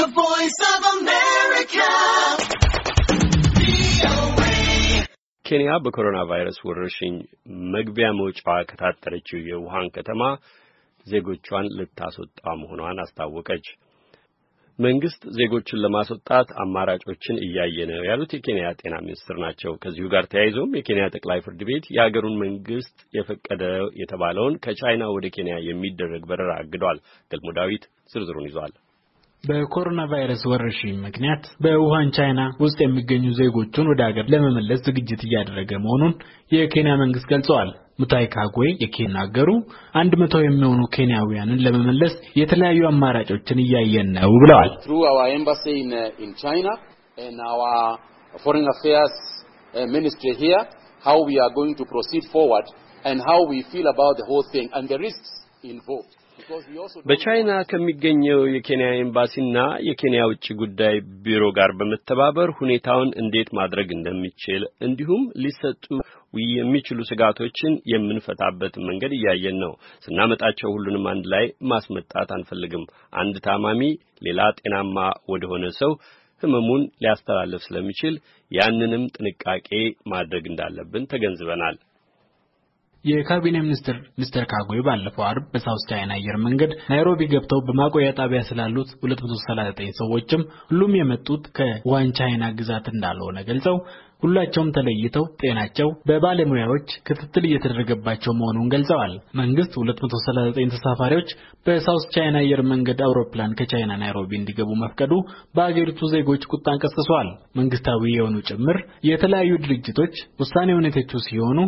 The Voice of America. ኬንያ በኮሮና ቫይረስ ወረርሽኝ መግቢያ መውጫዋ ከታጠረችው የውሃን ከተማ ዜጎቿን ልታስወጣ መሆኗን አስታወቀች። መንግስት ዜጎችን ለማስወጣት አማራጮችን እያየ ነው ያሉት የኬንያ ጤና ሚኒስትር ናቸው። ከዚሁ ጋር ተያይዞም የኬንያ ጠቅላይ ፍርድ ቤት የሀገሩን መንግስት የፈቀደ የተባለውን ከቻይና ወደ ኬንያ የሚደረግ በረራ አግዷል። ገልሞ ዳዊት ዝርዝሩን ይዟል። በኮሮና ቫይረስ ወረርሽኝ ምክንያት በውሃን ቻይና ውስጥ የሚገኙ ዜጎቹን ወደ ሀገር ለመመለስ ዝግጅት እያደረገ መሆኑን የኬንያ መንግስት ገልጸዋል። ሙታይ ካጎይ የናገሩ አንድ መቶ የሚሆኑ ኬንያውያንን ለመመለስ የተለያዩ አማራጮችን እያየን ነው ብለዋል። ሚኒስትሪ ሂር uh, how we are going to proceed forward and how we feel about the whole thing and the risks በቻይና ከሚገኘው የኬንያ ኤምባሲና የኬንያ ውጭ ጉዳይ ቢሮ ጋር በመተባበር ሁኔታውን እንዴት ማድረግ እንደሚችል እንዲሁም ሊሰጡ የሚችሉ ስጋቶችን የምንፈታበት መንገድ እያየን ነው። ስናመጣቸው ሁሉንም አንድ ላይ ማስመጣት አንፈልግም። አንድ ታማሚ ሌላ ጤናማ ወደሆነ ሰው ህመሙን ሊያስተላልፍ ስለሚችል ያንንም ጥንቃቄ ማድረግ እንዳለብን ተገንዝበናል። የካቢኔ ሚኒስትር ሚስተር ካጎይ ባለፈው አርብ በሳውስ ቻይና አየር መንገድ ናይሮቢ ገብተው በማቆያ ጣቢያ ስላሉት 239 ሰዎችም ሁሉም የመጡት ከዋን ቻይና ግዛት እንዳልሆነ ገልጸው ሁላቸውም ተለይተው ጤናቸው በባለሙያዎች ክትትል እየተደረገባቸው መሆኑን ገልጸዋል። መንግስት 239 ተሳፋሪዎች በሳውስ ቻይና አየር መንገድ አውሮፕላን ከቻይና ናይሮቢ እንዲገቡ መፍቀዱ በአገሪቱ ዜጎች ቁጣን ቀስቅሰዋል። መንግስታዊ የሆኑ ጭምር የተለያዩ ድርጅቶች ውሳኔውን የተቹ ሲሆኑ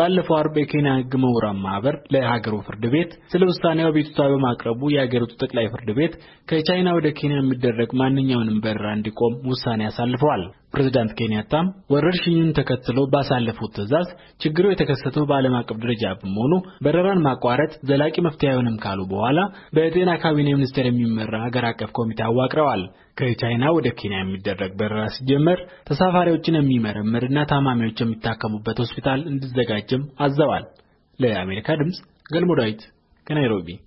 ባለፈው አርብ የሲና ሕግ ምሁራን ማኅበር ለሀገሩ ፍርድ ቤት ስለ ውሳኔው አቤቱታ በማቅረቡ የአገሪቱ ጠቅላይ ፍርድ ቤት ከቻይና ወደ ኬንያ የሚደረግ ማንኛውንም በረራ እንዲቆም ውሳኔ አሳልፈዋል። ፕሬዝዳንት ኬንያታም ወረርሽኙን ተከትሎ ባሳለፉት ትዕዛዝ ችግሩ የተከሰተው በዓለም አቀፍ ደረጃ በመሆኑ በረራን ማቋረጥ ዘላቂ መፍትሄ አይሆንም ካሉ በኋላ በጤና ካቢኔ ሚኒስቴር የሚመራ ሀገር አቀፍ ኮሚቴ አዋቅረዋል። ከቻይና ወደ ኬንያ የሚደረግ በረራ ሲጀመር ተሳፋሪዎችን የሚመረምርና ታማሚዎች የሚታከሙበት ሆስፒታል እንዲዘጋጅም አዘዋል። ለአሜሪካ ድምፅ ገልሞ ዳዊት ከናይሮቢ